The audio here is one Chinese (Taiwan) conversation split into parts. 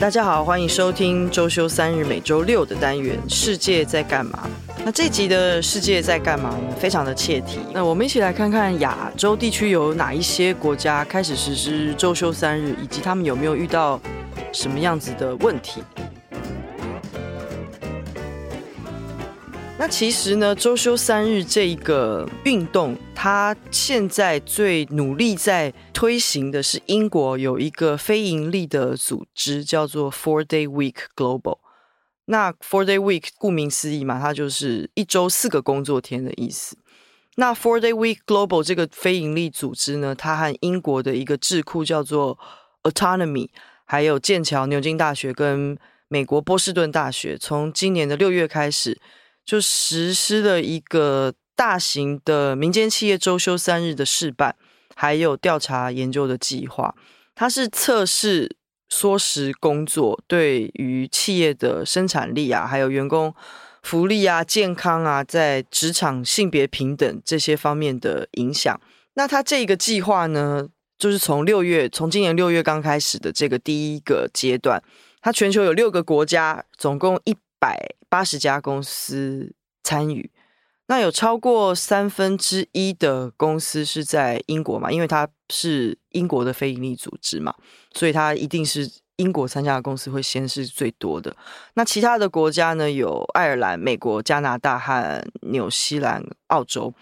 大家好，歡迎收聽周休三日每周六的單元《世界在幹嘛》。那這集的世界在幹嘛呢？非常的切題。那我們一起來看看亞洲地區有哪一些國家開始實施周休三日，以及他們有沒有遇到什麼樣子的問題。那其實呢，週休三日這一個運動，它現在最努力在推行的是英國有一個非營利的組織，叫做 Four Day Week Global。那 Four Day Week，顧名思義嘛，它就是一周四個工作天的意思。那 Four Day Week Global 這個非營利組織呢，它和英國的一個智庫叫做 Autonomy，還有劍橋、牛津大學跟美國波士頓大學，從今年的六月開始。就實施了一個大型的民間企業周休三日的試辦，還有調查研究的計劃。它是測試縮時工作對於企業的生產力啊，還有員工福利啊、健康啊，在職場性別平等這些方面的影響。那它這個計劃呢，就是從六月，從今年六月剛開始的這個第一個階段，它全球有六個國家，總共一。百八十家公司參與，那有超過三分之一的公司是在英國嘛，因為它是英國的非營利組織嘛，所以它一定是英國參加的公司會先是最多的。那其他的國家呢？有愛爾蘭、美國、加拿大和紐西蘭、澳洲。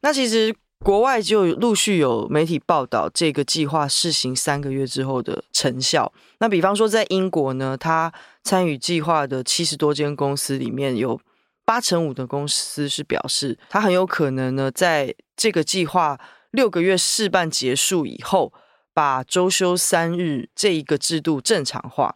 那其實。國外就陸續有媒體報道，這個計劃試行三個月之後的成效。那比方說，在英國呢，他參與計劃的七十多間公司裡面，有八成五的公司是表示，他很有可能呢，在這個計劃六個月試辦結束以後，把周休三日這一個制度正常化。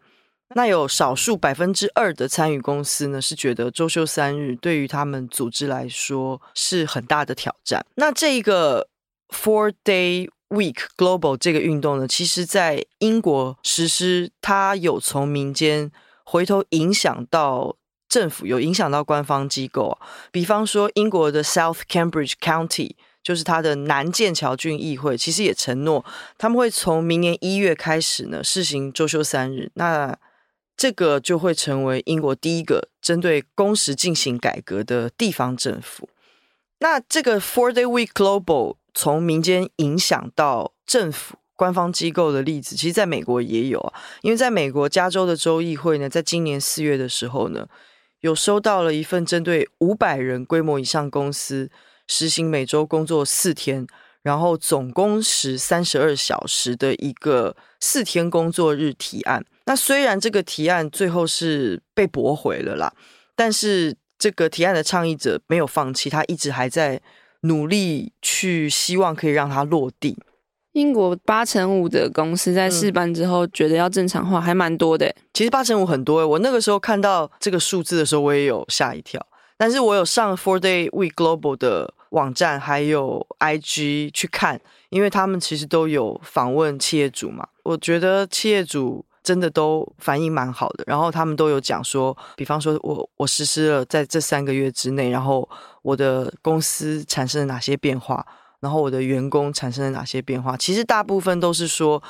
那有少數百分之二的參與公司呢，是覺得周休三日對於他們組織來說是很大的挑戰。那這一個 Four Day Week Global 這個運動呢，其實在英國實施，它有從民間回頭影響到政府，有影響到官方機構啊。比方說，英國的 South Cambridge County 就是它的南劍橋郡議會，其實也承諾他們會從明年一月開始呢試行周休三日。那這個就會成為英國第一個針對工時進行改革的地方政府。那這個4 Day Week Global 從民間影響到政府官方機構的例子，其實在美國也有啊。因為在美國，加州的州議會呢，在今年四月的時候呢，有收到了一份針對五百人規模以上公司實行每周工作四天，然後總工時三十二小時的一個四天工作日提案。那雖然這個提案最後是被駁回了啦，但是這個提案的倡議者沒有放棄，他一直還在努力去希望可以讓它落地。英國八成五的公司在試辦之後覺得要正常化，還蠻多的、欸嗯。其實八成五很多、欸，我那個時候看到這個數字的時候，我也有嚇一跳。但是我有上 Four Day Week Global 的網站，還有 IG 去看，因為他們其實都有訪問企業主嘛。我覺得企業主。真的都反應蠻好的，然後他們都有講說，比方說我我實施了在這三個月之內，然後我的公司產生了哪些變化，然後我的員工產生了哪些變化。其實大部分都是說，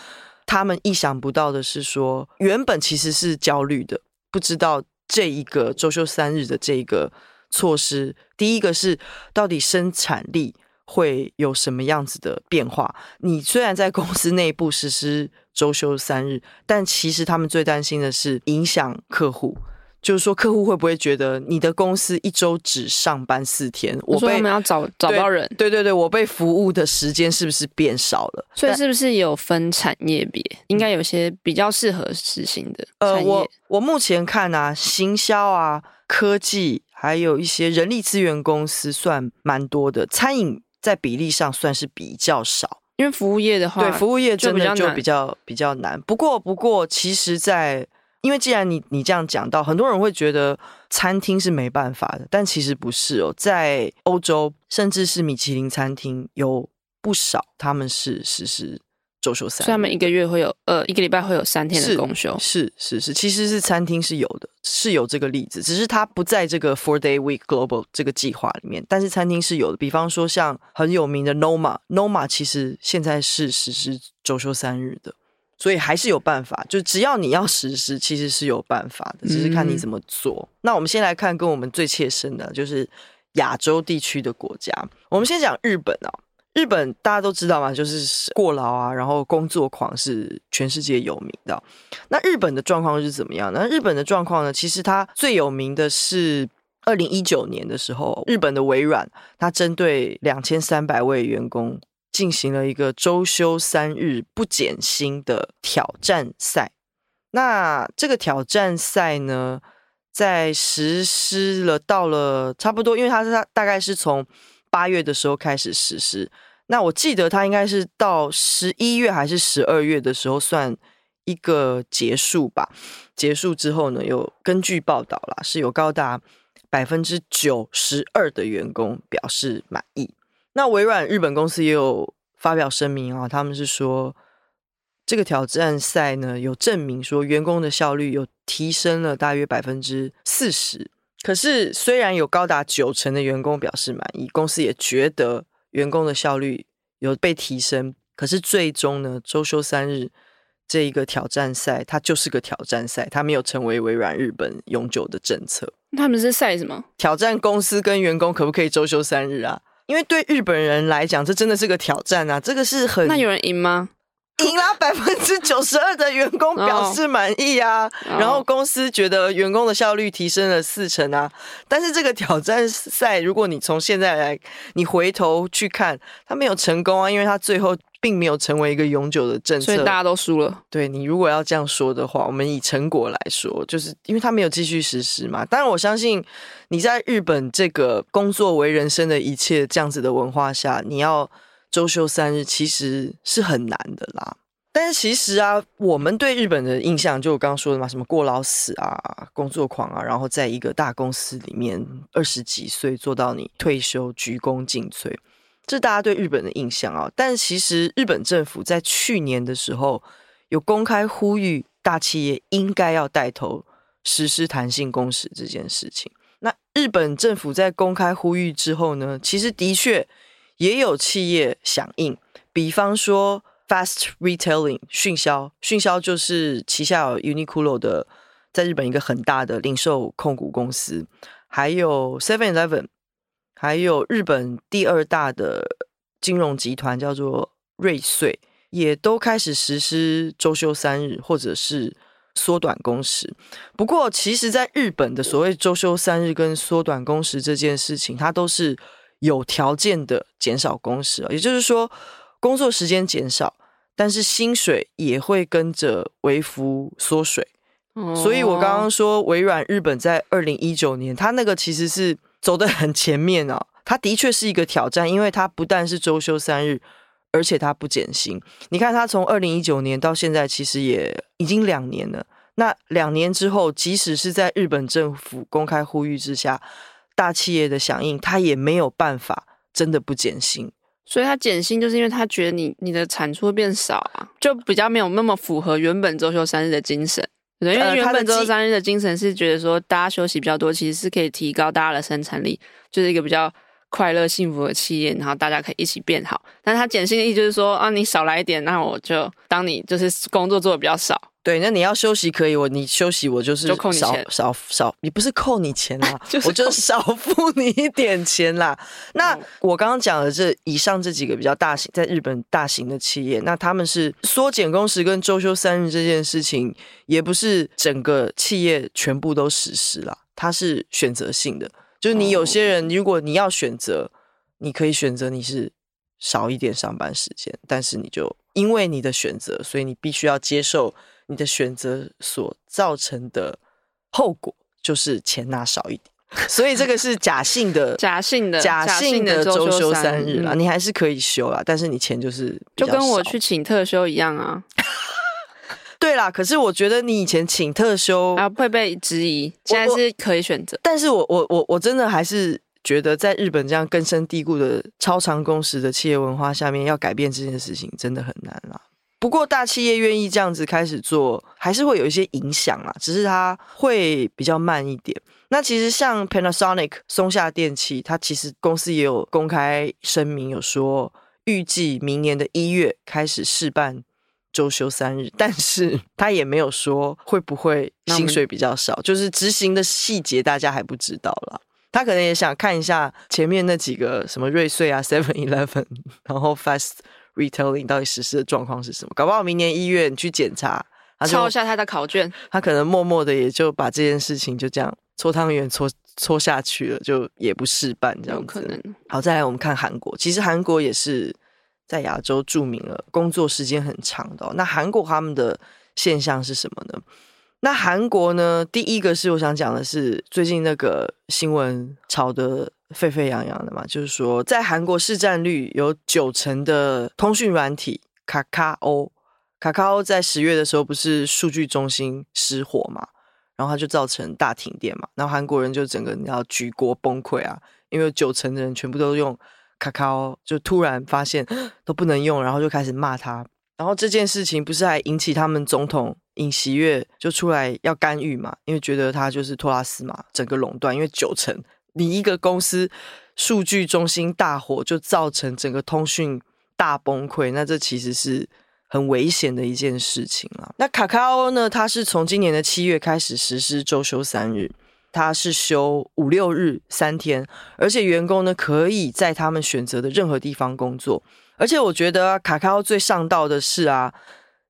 他們意想不到的是說，原本其實是焦慮的，不知道這一個週休三日的這一個措施，第一個是到底生產力會有什麼樣子的變化。你雖然在公司內部實施。週休三日，但其實他們最擔心的是影響客戶，就是說客戶會不會覺得你的公司一周只上班四天？我他說我們要找找到人。對，對對對，我被服務的時間是不是變少了？所以是不是有分產業別？嗯。應該有些比較適合實行的。呃，我我目前看啊，行銷啊、科技，還有一些人力資源公司算蠻多的，餐飲在比例上算是比較少。因為服務業的話，對服務業真的就比較比較比較難。不過不過，其實在，在因為既然你你這樣講到，很多人會覺得餐廳是沒辦法的，但其實不是哦。在歐洲，甚至是米其林餐廳，有不少他們是實施。周休三，所以他們一個月會有呃一個禮拜會有三天的公休，是是是,是，其實是餐廳是有的，是有這個例子，只是它不在這個 four day week global 這個計劃裡面，但是餐廳是有的，比方說像很有名的 Noma，Noma Noma 其實現在是實施周休三日的，所以還是有辦法，就只要你要實施，其實是有辦法的，只是看你怎麼做。嗯。那我們先來看跟我們最切身的，就是亞洲地區的國家，我們先講日本啊、哦。日本大家都知道嘛，就是過勞啊，然後工作狂是全世界有名的。那日本的狀況是怎麼樣呢？日本的狀況呢，其實它最有名的是二零一九年的時候，日本的微軟它針對兩千三百位員工進行了一個周休三日不減薪的挑戰賽。那這個挑戰賽呢，在實施了到了差不多，因為它是它大概是從。八月的時候開始實施，那我記得他應該是到十一月還是十二月的時候算一個結束吧。結束之後呢，有根據報道啦，是有高達百分之九十二的員工表示滿意。那微軟日本公司也有發表聲明啊，他們是說這個挑戰賽呢，有證明說員工的效率有提升了大約百分之四十。可是，雖然有高達九成的員工表示滿意，公司也覺得員工的效率有被提升。可是，最終呢，週休三日這一個挑戰賽，它就是個挑戰賽，它沒有成為微軟日本永久的政策。他們是賽什麼？挑戰公司跟員工可不可以週休三日啊？因為對日本人來講，這真的是個挑戰啊！這個是很。那有人贏嗎？贏了，百分之九十二的員工表示滿意啊，然後公司覺得員工的效率提升了四成啊。但是這個挑戰賽，如果你從現在來，你回頭去看，他沒有成功啊，因為他最後並沒有成為一個永久的政策。所以大家都輸了。對，你如果要這樣說的話，我們以成果來說，就是因為他沒有繼續實施嘛。但我相信你在日本這個工作為人生的一切這樣子的文化下，你要。周休三日其實是很難的啦，但是其實啊，我們對日本的印象就我剛剛說的嘛，什麼過勞死啊、工作狂啊，然後在一個大公司裡面二十幾歲做到你退休，鞠躬盡瘁，這大家對日本的印象啊。但是其實日本政府在去年的時候有公開呼籲大企業應該要帶頭實施彈性工時這件事情。那日本政府在公開呼籲之後呢，其實的確。也有企業響應，比方說 Fast Retailing 迅銷，迅銷就是旗下有 Uniqlo 的，在日本一個很大的零售控股公司，還有 Seven Eleven，還有日本第二大的金融集團叫做瑞穗，也都開始實施周休三日或者是縮短工時。不過，其實，在日本的所謂周休三日跟縮短工時這件事情，它都是。有條件的減少工時、哦，也就是說，工作時間減少，但是薪水也會跟着微幅縮水、哦。所以，我剛剛說，微軟日本在二零一九年，它那個其實是走得很前面啊、哦。它的確是一個挑戰，因為它不但是周休三日，而且它不減薪。你看，它從二零一九年到現在，其實也已經兩年了。那兩年之後，即使是在日本政府公開呼籲之下。大企業的響應，他也沒有辦法真的不減薪，所以他減薪就是因為他覺得你你的產出變少啊，就比較沒有那麼符合原本週休三日的精神。對、呃，因為原本週休三日的精神是覺得說大家休息比較多，其實是可以提高大家的生產力，就是一個比較快樂幸福的企業，然後大家可以一起變好。但他減薪的意思就是說啊，你少來一點，那我就當你就是工作做得比較少。對，那你要休息可以，我你休息我就是少少少，你不是扣你錢啦 就是扣你錢，我就少付你一點錢啦。那、嗯、我剛剛講的這以上這幾個比較大型，在日本大型的企業，那他們是縮減工時跟周休三日這件事情，也不是整個企業全部都實施了，它是選擇性的。就你有些人，如果你要選擇、哦，你可以選擇你是少一點上班時間，但是你就因為你的選擇，所以你必須要接受。你的選擇所造成的後果就是錢拿少一點，所以這個是假性的，假性的，假性的週休三日啦，你還是可以休啦，但是你錢就是就跟我去請特休一樣啊。對啦，可是我覺得你以前請特休啊會被質疑，現在是可以選擇，但是我我我我真的還是覺得，在日本這樣根深蒂固的超長工時的企業文化下面，要改變這件事情真的很難啦。不過大企業願意這樣子開始做，還是會有一些影響啊。只是它會比較慢一點。那其實像 Panasonic 松下電器，它其實公司也有公開聲明，有說預計明年的一月開始試辦週休三日，但是它也沒有說會不會薪水比較少，就是執行的細節大家還不知道啦。他可能也想看一下前面那幾個什麼瑞穗啊、Seven Eleven，然後 Fast。r e t l i n g 到底實施的狀況是什麼？搞不好明年一月你去檢查，抄一下他的考卷，他可能默默的也就把這件事情就這樣搓湯圓搓搓下去了，就也不事範這樣子。有可能。好，再來我們看韓國，其實韓國也是在亞洲著名了，工作時間很長的、哦。那韓國他們的現象是什麼呢？那韓國呢，第一個是我想講的是最近那個新聞炒的。沸沸揚揚的嘛，就是說，在韓國市占率有九成的通訊軟體，卡卡歐，卡卡歐在十月的時候不是數據中心失火嘛，然後它就造成大停電嘛，然後韓國人就整個你知道舉國崩潰啊，因為九成的人全部都用卡卡歐，就突然發現都不能用，然後就開始罵他。然後這件事情不是還引起他們總統尹錫悅就出來要干預嘛，因為覺得他就是托拉斯嘛，整個壟斷，因為九成。你一個公司數據中心大火，就造成整個通訊大崩潰，那這其實是很危險的一件事情了啊。那 KAKAO 呢？它是從今年的七月開始實施周休三日，它是休五六日三天，而且員工呢，可以在他們選擇的任何地方工作。而且我覺得 KAKAO 最上道的是啊，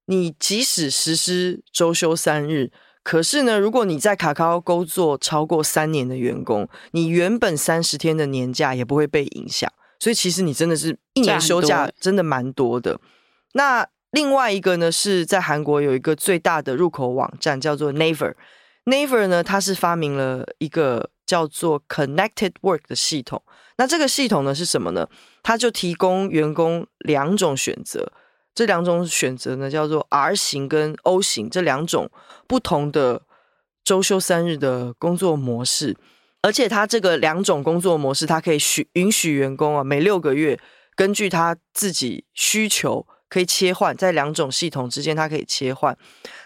你即使實施周休三日，可是呢，如果你在卡卡歐工作超過三年的員工，你原本三十天的年假也不會被影響，所以其實你真的是一年休假真的蠻多的。多。那另外一個呢，是在韓國有一個最大的入口網站叫做 Naver，Naver。Naver 呢，它是發明了一個叫做 Connected Work 的系統。那這個系統呢，是什麼呢？它就提供員工兩種選擇。這兩種選擇呢，叫做 R 型跟 O 型這兩種不同的周休三日的工作模式，而且它這個兩種工作模式，它可以許允許員工啊每六個月根據他自己需求可以切換在兩種系統之間，它可以切換。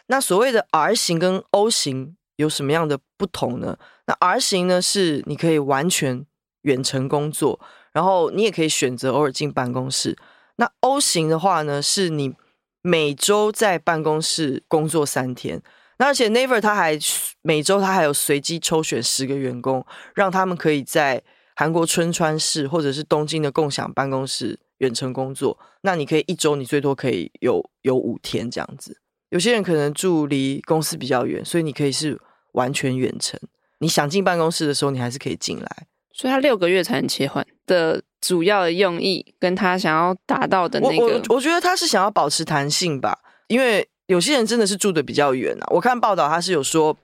那所謂的 R 型跟 O 型有什麼樣的不同呢？那 R 型呢是你可以完全遠程工作，然後你也可以選擇偶爾進辦公室。那 O 型的話呢，是你每週在辦公室工作三天，那而且 Naver 他還每週他還有隨機抽選十個員工，讓他們可以在韓國春川市或者是東京的共享辦公室遠程工作。那你可以一週你最多可以有有五天這樣子。有些人可能住離公司比較遠，所以你可以是完全遠程。你想進辦公室的時候，你還是可以進來。所以他六個月才能切換的主要的用意，跟他想要達到的那個我我，我覺得他是想要保持彈性吧。因為有些人真的是住的比較遠啊，我看報道他是有說，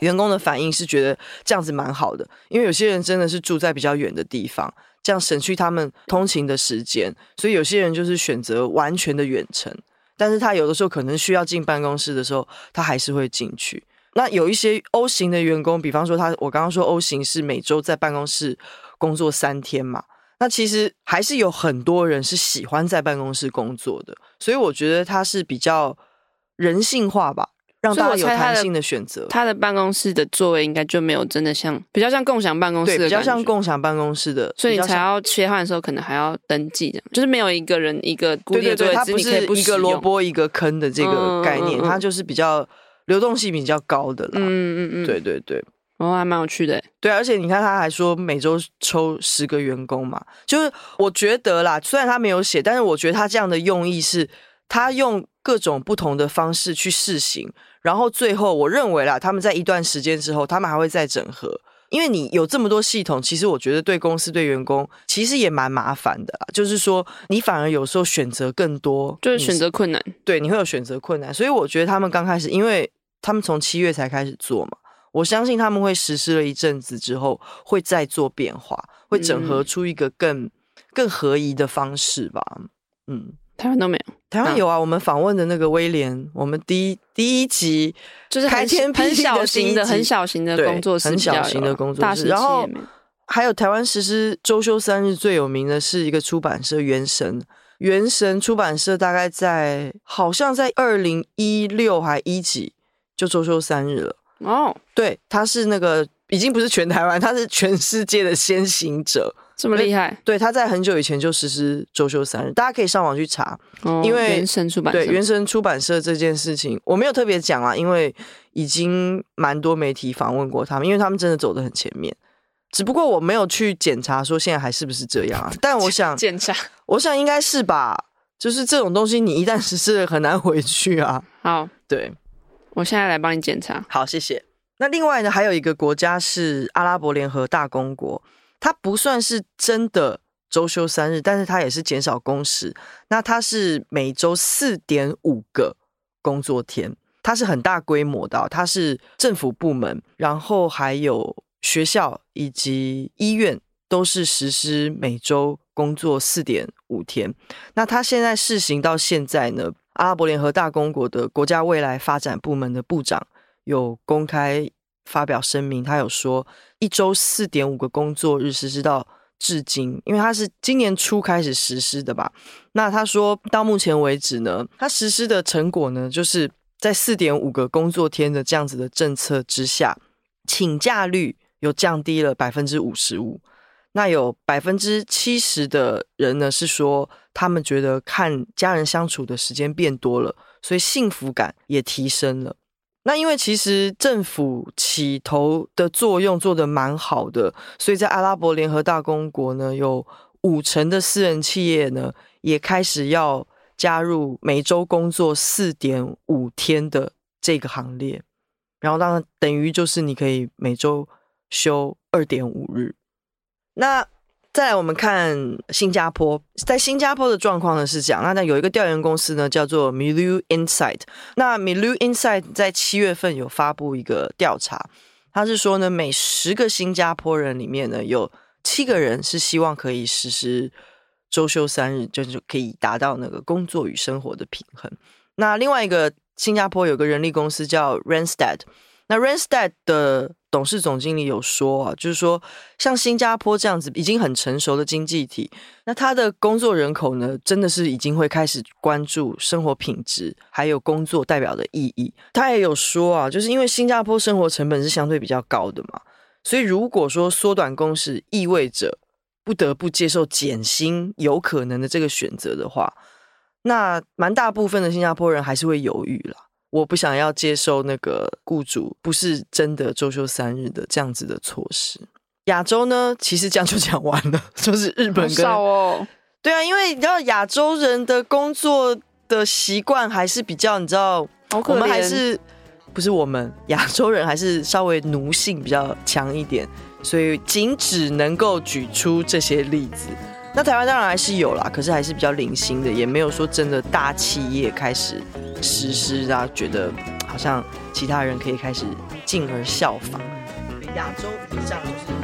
員工的反應是覺得這樣子蠻好的，因為有些人真的是住在比較遠的地方，這樣省去他們通勤的時間。所以有些人就是選擇完全的遠程，但是他有的時候可能需要進辦公室的時候，他還是會進去。那有一些 O 型的員工，比方說他，我剛剛說 O 型是每周在辦公室工作三天嘛？那其實還是有很多人是喜歡在辦公室工作的，所以我覺得他是比較人性化吧，讓大家有彈性的選擇。他的，他的辦公室的座位應該就沒有真的像比較像共享辦公室，比較像共享辦公室的，公室的，所以你才要切換的時候可能還要登記的，就是沒有一個人一個固定的，對對對，它不是一個蘿蔔一個坑的這個概念，它、嗯嗯嗯、就是比較。流動性比較高的啦，嗯嗯嗯，對對對，哦，還蠻有趣的、欸，對、啊、而且你看，他還說每周抽十個員工嘛，就是我覺得啦，雖然他沒有寫，但是我覺得他這樣的用意是，他用各種不同的方式去試行，然後最後我認為啦，他們在一段時間之後，他們還會再整合，因為你有這麼多系統，其實我覺得對公司對員工其實也蠻麻煩的啦，就是說你反而有時候選擇更多，就是選擇困難、嗯，對，你會有選擇困難，所以我覺得他們剛開始因為。他們從七月才開始做嘛，我相信他們會實施了一陣子之後會再做變化，會整合出一個更、嗯、更合宜的方式吧。嗯，台灣都沒有，台灣有啊，啊。我們訪問的那個威廉，我們第一第一集就是台前很小型的、很小型的工作室，很小型的工作室。時然後還有台灣實施週休三日最有名的是一個出版社——圓神，圓神出版社大概在好像在二零一六還一幾。就週休三日了哦、oh,，對，他是那個已經不是全台灣，他是全世界的先行者，這麼厲害。對，他在很久以前就實施週休三日，大家可以上網去查。哦、oh,，因為圓神出版社對圓神出版社這件事情，我沒有特別講啊，因為已經蠻多媒體訪問過他們，因為他們真的走得很前面。只不過我沒有去檢查說現在還是不是這樣啊，但我想檢 查，我想應該是吧，就是這種東西你一旦實施很難回去啊。好、oh.，對。我現在來幫你檢查。好，謝謝。那另外呢，還有一個國家是阿拉伯聯合大公國，它不算是真的周休三日，但是它也是減少工時。那它是每周四點五個工作天，它是很大規模的，它是政府部門，然後還有學校以及醫院都是實施每周工作四點五天。那它現在試行到現在呢？阿拉伯聯合大公國的國家未來發展部門的部長有公開發表聲明，他有說，一周四點五個工作日實施到至今，因為他是今年初開始實施的吧。那他說到目前為止呢，他實施的成果呢，就是在四點五個工作天的這樣子的政策之下，請假率又降低了百分之五十五。那有百分之七十的人呢，是說他們覺得看家人相處的時間變多了，所以幸福感也提升了。那因為其實政府起頭的作用做的蠻好的，所以在阿拉伯聯合大公國呢，有五成的私人企業呢也開始要加入每周工作四點五天的這個行列，然後當然等於就是你可以每周休二點五日。那再來，我們看新加坡，在新加坡的狀況呢是講，那那有一個調研公司呢叫做 Milieu Insight，那 Milieu Insight 在七月份有發布一個調查，他是說呢，每十個新加坡人裡面呢有七個人是希望可以實施周休三日，就是可以達到那個工作與生活的平衡。那另外一個新加坡有個人力公司叫 Randstad 那 Randstad 的董事總經理有說啊，就是說像新加坡這樣子已經很成熟的經濟體，那他的工作人口呢，真的是已經會開始關注生活品質，還有工作代表的意義。他也有說啊，就是因為新加坡生活成本是相對比較高的嘛，所以如果說縮短工時意味着不得不接受減薪有可能的這個選擇的話，那蠻大部分的新加坡人還是會猶豫了。我不想要接受那個雇主不是真的周休三日的這樣子的措施。亞洲呢，其實這樣就講完了，就是日本跟、好少哦、對啊，因為你知道亞洲人的工作的習慣還是比較，你知道，我們還是不是我們亞洲人還是稍微奴性比較強一點，所以僅只能夠舉出這些例子。那台灣當然還是有啦，可是還是比較零星的，也沒有說真的大企業開始實施啊，覺得好像其他人可以開始進而效仿。亞洲以上就是。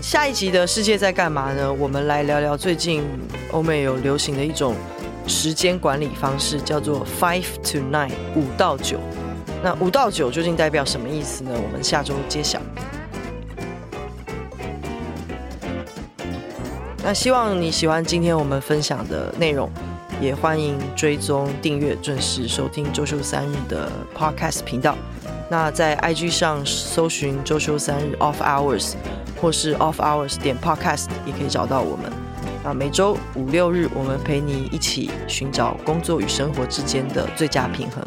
下一集的世界在幹嘛呢？我們來聊聊最近歐美有流行的一種。時間管理方式叫做 Five to Nine 五到九。那五到九究竟代表什麼意思呢？我們下周揭曉。那希望你喜歡今天我們分享的內容，也歡迎追蹤訂閱準時收聽周休三日的 podcast 頻道。那在 IG 上搜尋周休三日 off hours 或是 off hours 點 podcast 也可以找到我們。每週五六日，我們陪你一起尋找工作與生活之間的最佳平衡。